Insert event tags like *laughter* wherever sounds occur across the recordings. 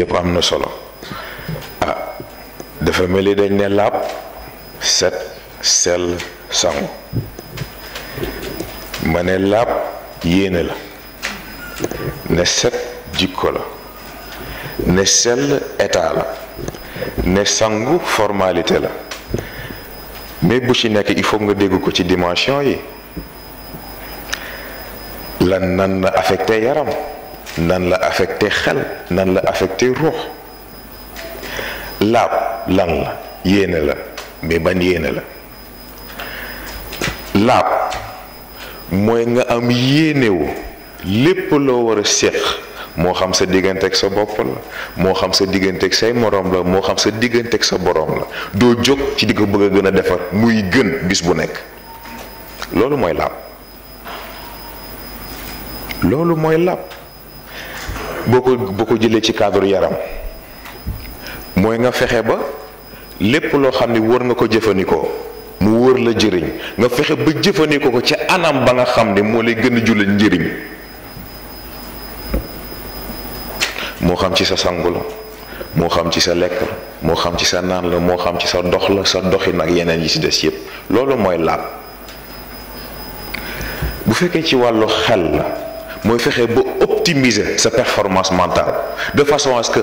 The am na solo ah dafa dañ ne set sel la ne set la ne sel état ne sangu formalité la mais bu ci nekk il faut nga dégg ko ci dimension yi lan affecté nan la affecté xel nan la affecté ruux laab lan la yéene la mais ban yéene la laab mooy nga am yéenewu lépp loo war a séq moo xam sa diggante ak sa bopp la moo xam sa diggante ak say moroom la moo xam sa diggante ak sa boroom la doo jóg ci di ko bëgg a gën a defar muy gën bis bu nekk loolu mooy laab loolu mooy laab boo ko boo ko jëlee ci cadre yaram mooy nga fexe ba lépp loo xam ni war nga ko jëfandikoo mu wër la jëriñ nga fexe ba jëfandikoo ko ca anam ba nga xam ni moo lay gën a julal njëriñ moo xam ci sa sangu la moo xam ci sa lekk la moo xam ci sa naan la moo xam ci sa dox la sa doxin nag yeneen yi ci des yépp loolu mooy laab bu fekkee ci wàllu xel la je fexé optimiser sa performance mentale de façon à ce que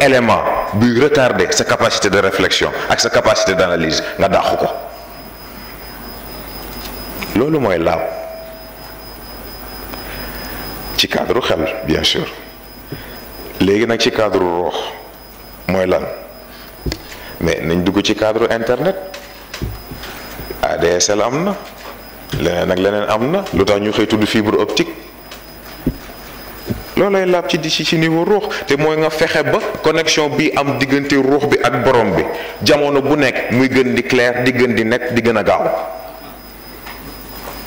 éléments élément retardent retarder sa capacité de réflexion ak sa capacité d'analyse nga ce ko loolu moy ci cadre xel bien sûr légui nak ci cadre moy mais nañ cadre internet ADSL amna. ak fibre optique lolay laab ci di ci ci niveau ruux te moy nga fexé ba connexion bi am digënté ruux bi ak borom bi jamono bu nek muy gën di clair di gën di nek di gëna a gaaw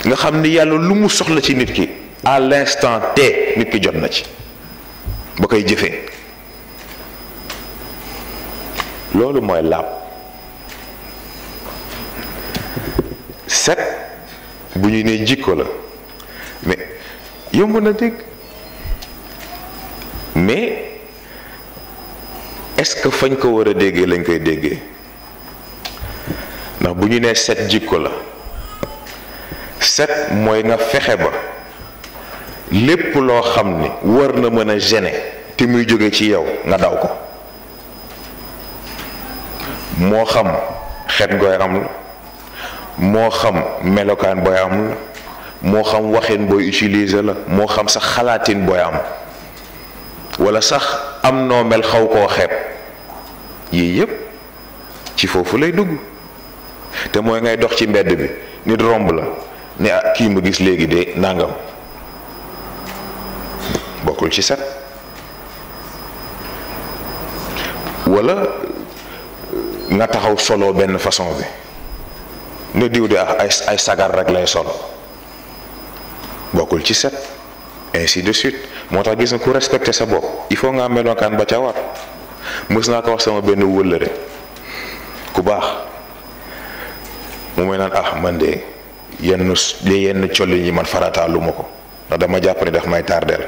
nga xamni yalla yàlla lu mu soxla ci nit ki à l'instant T nit ki jot na ci ba koy jëfee loolu mooy laab set bu ñu nee jikko la mais yomb na mais est-ce que fañ ko war a déggee lañ koy déggee ndax bu ñu nee set ko la set mooy nga fexe ba lépp loo xam ni war na mën a gêner te muy jóge ci yow nga daw ko moo xam xet gooy am la moo xam melokaan booy am la moo xam waxin booy utiliser la moo xam sax xalaatin booy am wala sax am noo mel xaw koo xeeb yii yëpp ci foofu lay dugg te mooy ngay dox ci mbedd bi nit romb la ne ah kii ma gis léegi de nangam bokkul ci set wala nga taxaw solo benn façon bi ne diw de ah, ay ay sagar rek lay solo bokkul ci set ainsi de suite moo tax gis nga ku respecté sa bopp il faut nga am melokaan ba ca war mës naa ko wax sama benn wëllëre ku baax mu may naan ah man de yenn yenn colli yi man farataalu ma ko ndax dama jàpp ne daf may tardeel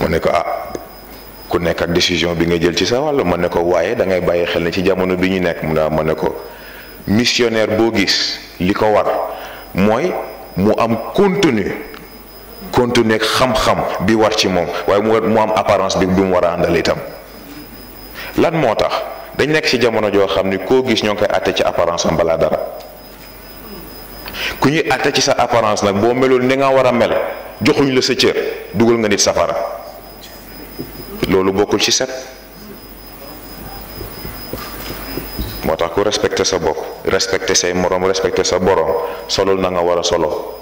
mu ne ko ah ku nekk ak décision bi nga jël ci sa wàll ma ne ko waaye da ngay bàyyi xel ne ci jamono bi ñu nekk mu ne ah, ma ne ko missionnaire boo gis li ko war mooy mu am contenu. continuer xam-xam bi war ci moom waaye mu mu am apparence bi bu mu war a àndal itam lan moo tax dañ nekk ci jamono joo xam ni koo gis ñoo ngi koy àtte ci apparence am balaa dara ku ñuy àtte ci sa apparence nag boo meloon ni nga war a mel joxuñ la sa cër dugal nga nit safara loolu bokkul ci set moo tax ku respecté sa bopp respecté say moroom respecté sa boroom solul na nga war a solo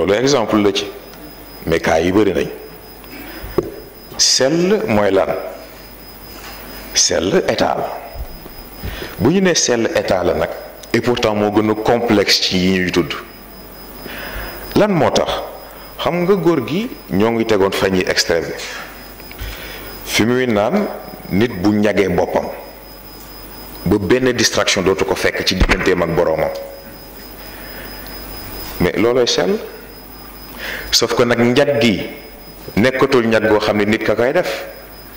loolu exemple la ci mais cas yi bëri nañ sell mooy lan sell état la bu ñu nee sell état la nag et pourtant moo gën a complexe ci yi ñuy tudd lan moo tax xam nga góor gi ñoo ngi tegoon fan yi extrait fi muy naan nit bu ñagee boppam ba benn distraction dootu ko fekk ci digganteem ak boroomam mais loolooy sell sauf ko nag njag gi nekkatul njag goo xam ne nit ka koy def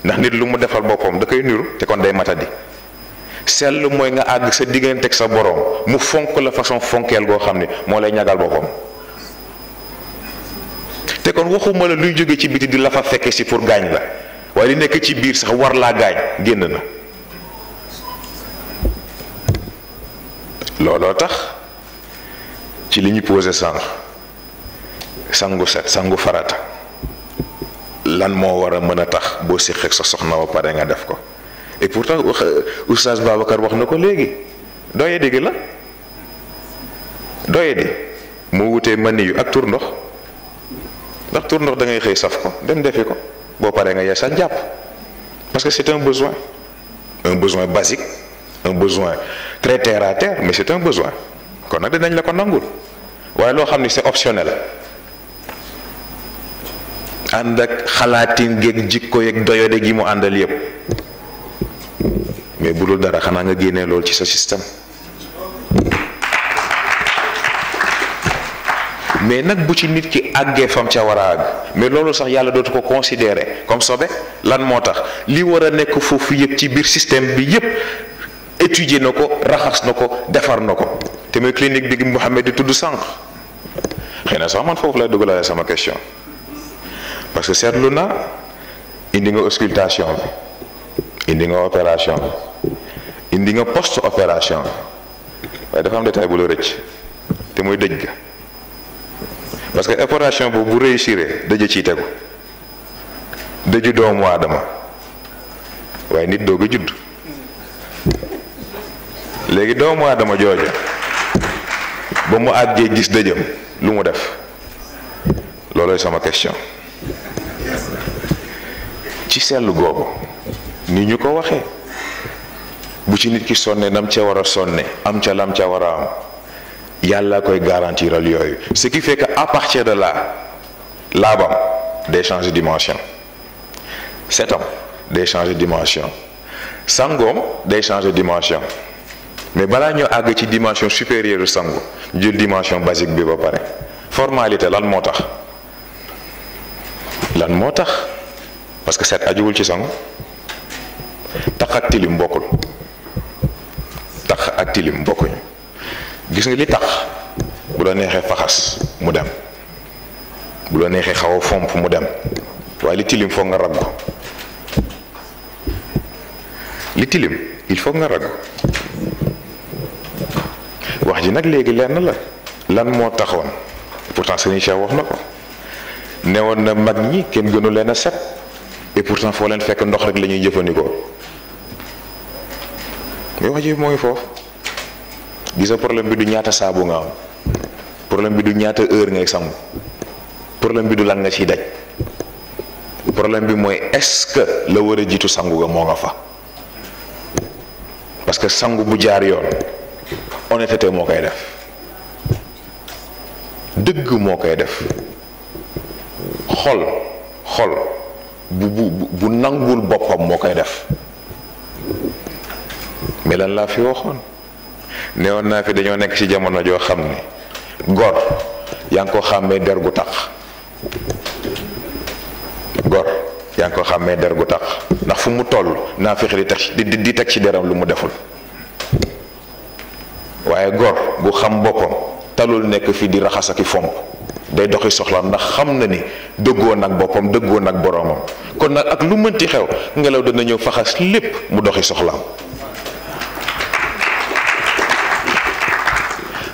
ndax nit lu mu defal boppam da koy niru te kon day matadi seetlu mooy nga àgg sa diggante ak sa boroom mu fonk la façon fonkeel goo xam ne moo lay ñagal boppam te kon waxuma la luy jóge ci biti di la fa fekke si pour gaañ la waaye li nekk ci biir sax war laa gaañ génn na looloo tax ci li ñu posé sànq sangu set sangu farata lan mo wara meuna tax bo séq ak sa soxna ba pare nga def ko et pourtant oustaz ça wax na ko doye di la doye de mo wuté mani ak tour ndox ndax tour ndox da ngay xey saf ko dem defé ko bo nga parce que c'est un besoin un besoin basique un besoin très terre à terre mais c'est un besoin kon nak dinañ la ko nangul waaye Ou xamni c'est optionnel and ak xalaatin géeg jikko yeeg doyode gi mu andal yeb mais bu dara xana nga gene lool ci sa système mais nak bu ci nit ki agge fam ci war mais loolu sax yalla dootu ko considérer comme sobe lan motax li wara nek fofu yeb ci bir système bi yeb étudier nako ko nako na nako defar na clinique bi Mouhamed di tudd sànq sax man fofu lay dugalaale sama question. parce que seetlu na indi nga auscultation bi indi nga opération bi indi nga post opération bi waaye dafa am détail bu la rëcc te mooy dëj ga parce que opération boobu bu réussir dëj ciy tegu dëju doomu aadama waaye nit doo a léegi doomu aadama jooja ba mu àggee gis dëjëm lu mu def loolooy sama question ci seetlu googu ni ñu ko waxee bu ci nit ki sonné nam ci wara a am ci lam ci wara am koy garantiral yooyu ce qui fait que à partir de là laabam day changer dimension setam day changer dimension sangom day changer dimension mais balaa ñoo ci dimension supérieure sangu jël dimension basique bi ba paré formalité lan moo tax lan moo tax parce que seet ajuwul ci sangu tax ak tilim bokkul tax ak tilim bokkuñu gis nga li tax bu la neexee faxas mu dem bu la neexee xaw a fomp mu dem waaye li tilim foog nga raggu li tilim il faut nga raggu wax ji nag léegi lenn la lan moo taxoon pourtant sëñ Cheikh wax na ko newoon na mag ñi kenn gënu leen a set et pourtant foo leen fekk ndox rek la ñuy jëfandikoo mais wax mooy foofu gisa problème bi du ñaata saabu nga am problème bi du ñaata heure ngay sangu problème bi du lan nga ciy daj problème bi mooy est-ce la war a jiitu sangu ga moo nga fa parce que sangu bu jaar yoon honnêteté moo koy def dëgg moo koy def xol xol bu bu nangul bopam def mais lan fi waxoon neewoon na fi dañoo nek ci jamono jo xamni gor yang ko xamé der gu tax gor yang ko xamé der gu tax ndax fu mu toll na fi di tax di di tax ci deram lu mu deful waye gor gu xam bopam talul nek fi di raxas ak fomp day doxi soxlaam ndax xam na ni dëggoon ak boppam dëggoon ak boroomam kon nag ak lu mënti xew ngelaw dana ñëw faxas lépp mu doxi soxlaam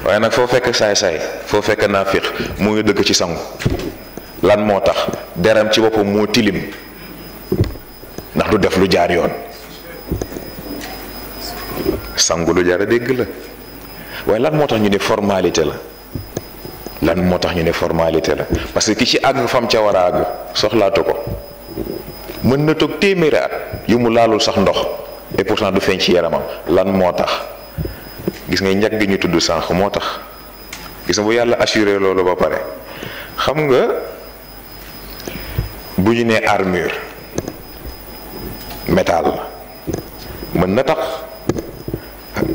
waaye nag foo fekk saay-saay foo fekk naafiq mu ngi dëgg ci sangu lan moo tax deram ci boppam moo tilim ndax du def lu jaar yoon sangu lu jaar a dégg la waaye lan moo tax ñu ne formalité la lan moo tax ñu ne formalité la parce que ki ci àgg fam ca war a àgg soxlaatu ko mën na toog téeméeri at yu mu laalul sax ndox et pourtant du feeñ ci yaramam lan moo tax gis nga njag gi ñu tudd sànq moo tax gis nga bu yàlla assuré loolu ba pare xam nga bu ñu nee armure métal mën na tax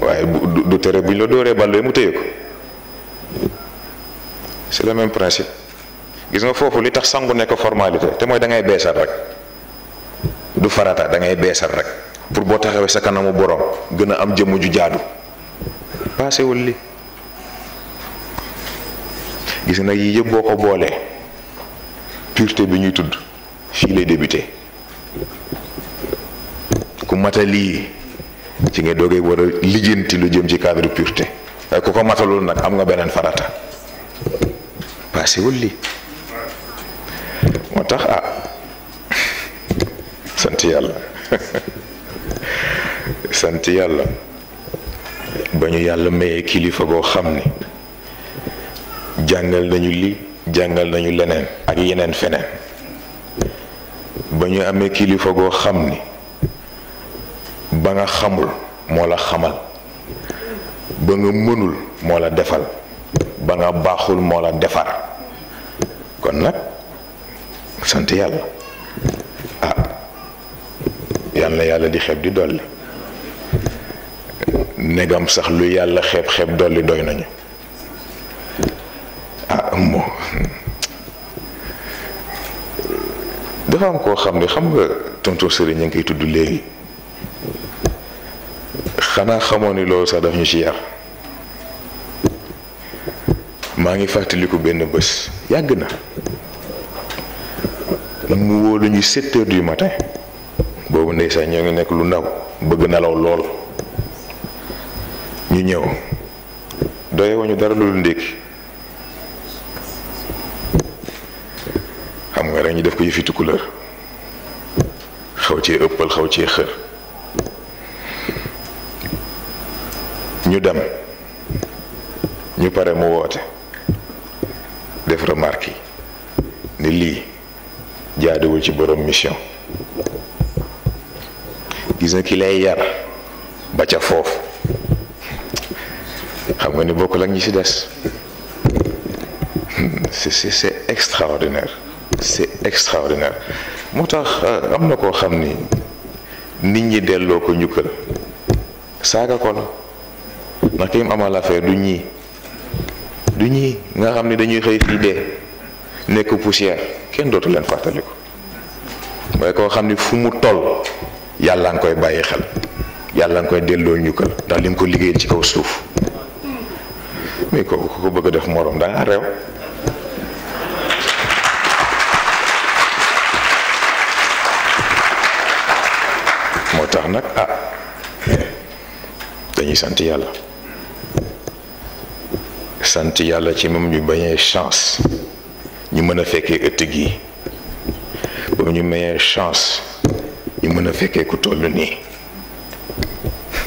waaye du tere bu ñu la dóoree bal mu téye ko. c'est le même principe gis nga foofu li tax sangu nekk formalité te mooy da ngay beesal rek du farata da ngay beesal rek pour boo taxawee sa kanamu borom gën a am jëmm ju jaadu paasewul li gis nga yii yëpp boo ko boolee pureté bi ñuy tudd fii lay débuté ku matalii ci nga doogee war a lijjanti lu jëm ci cadre pureté waaye ku ko matalul nag am nga beneen farata passé wul li motax ah sant yalla *laughs* sant yalla bañu yalla maye kilifa boo xamni ni nañu li jangal nañu lenen ak yenen feneen bañu amé kilifa goo xamni ba nga xamul mo la xamal ba nga mënul mo la defal ba nga baxul mo la defar nag sant yàlla ah yàlla yàlla di xeb di dolli negam sax lu yàlla xeb xeeb dolli doy nañu ah moo dafa am koo xam ne xam nga tonton Serigne ñu ngi koy tudd léegi xanaa xamoon ni loolu sax daf ñu ci yar maa ngi fàttaliku benn bés yàgg na mu woo ñuy ñu sept heures du matin boobu ndeysaan ñoo ngi nekk lu ndaw bëgg nelaw lool ñu ñëw doye wuñu dara lu ndékki xam nga rek ñu def ko yëfi tukkuleur xaw ci ëppal xaw ci xër ñu dem ñu pare mu woote def remarque yi ni lii jaaduwul ci borom mission gis nga ki lay yar ba ca foofu xam nga ni bokkul ak ñi ci des c'est c'est extraordinaire c'est extraordinaire moo tax euh, am na koo xam ni nit ñi delloo ko njukkal saaga ko la ndax ki mu amal affaire du ñi du ñi nga xam ni dañuy xëy fii dee nekk poussière kenn dootu leen fàttaliku mooy koo xam ni fu mu toll yàlla nga koy bàyyi xel yàlla nga koy delloo njukkal ndax li mu ko liggéeyal ci kaw suuf mais kooku ku ko bëgg a def moroom da ngaa moo tax nag ah dañuy sant yàlla sant yàlla ci moom ñu bañee chance ñu mën a fekkee ëtt gi ba ñu mayee chance ñu mën a fekkee ku toll nii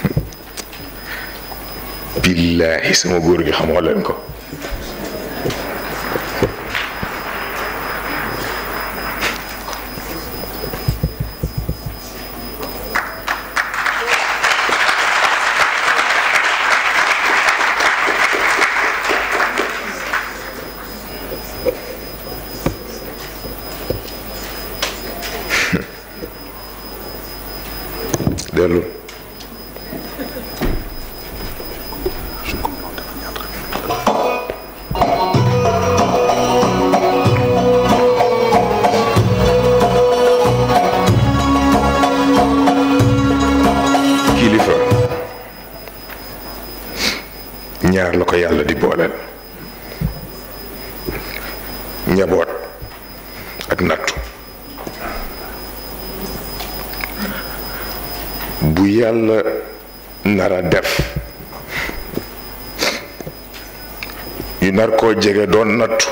*laughs* billaahi sama góor gi xamoo leen ko dellul kilifa ñaar la ko yàlla di booleel njaboot ak nattu bu yàlla nara def ñu nar koo jege doon nattu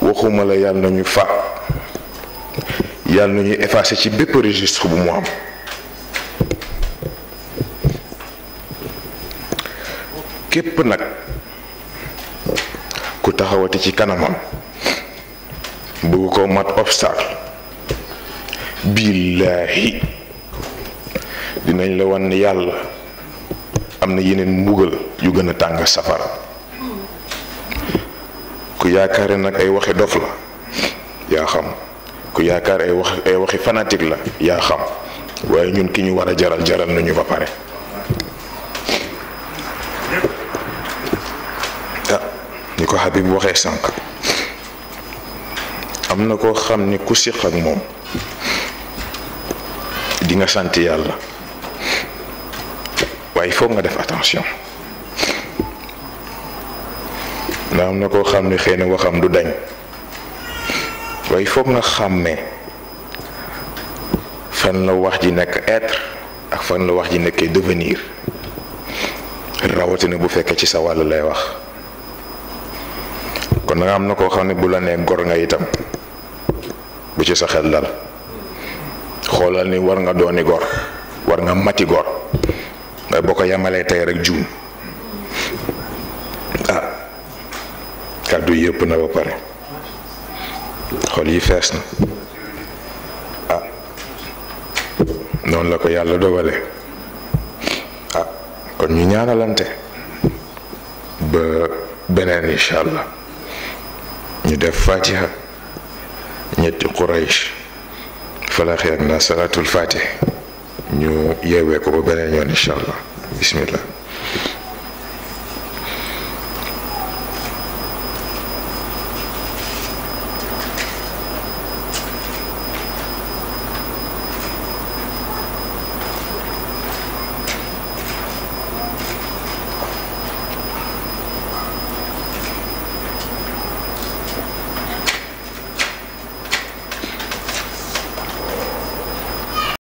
waxuma la yàlla na ñu fa yàlla na ñu effacé ci bépp registre bu mu am képp nag ku taxawati ci kanamam bëgg ko mat obstacle billaahi dinañ la wan yàlla am na yeneen mbugal yu gën a tàng safara ku yaakaar yaakaare nag ay waxe dof la yaa xam ku yaakaar ay wax ay la yaa xam waaye ñun ki ñu war a jaral jaral nañu ba pare ah ni ko Habib waxee sànq am na koo xam ni ku siq ak moom di nga sant yàlla waaye foog nga def attention ndax am na ko xam xeyna waxam du dañ waaye foog nga xamé fan la wax ji nek être ak fan la wax ji nekkee devenir rawati ne bu fekke ci sa wàll lay wax kon nga am na ko xam bu la nee gor nga itam bu ci sa xel dal xoolal ni war nga dooni gor war nga mati gor nga boo ko yamalee tey rek juum ah kàddu yëpp na ba pare xol yi fees na ah noonu la ko yàlla dogale ah kon ñu ñaanalante ba beneen incha allah ñu def fatiha ñetti quraish falaqi ak na salaatul fatih ñu yeewee ko ba beneen yoon incha allah bismillah